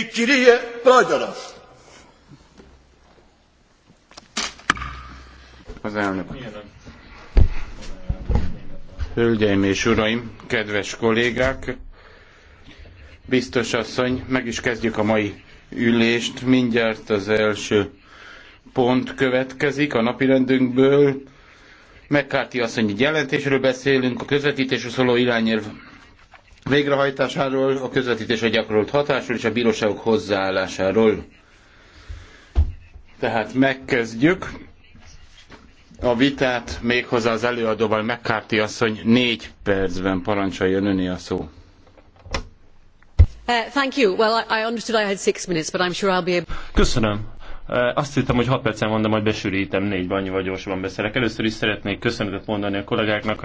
Η κυρία Πρόεδρος. Az elnök. Hölgyeim és uraim, kedves kollégák, biztos asszony, meg is kezdjük a mai ülést. Mindjárt az első pont következik a napirendünkből. McCarthy asszonyi jelentésről beszélünk, a közvetítésről szóló irányérv végrehajtásáról, a közvetítésre gyakorolt hatásról és a bíróságok hozzáállásáról. Tehát megkezdjük a vitát méghozzá az előadóval McCarthy asszony négy percben parancsoljon öné a szó. Uh, Köszönöm. Uh, azt hittem, hogy 6 percen van, de majd besűrítem, négy vagy gyorsabban beszélek. Először is szeretnék köszönetet mondani a kollégáknak,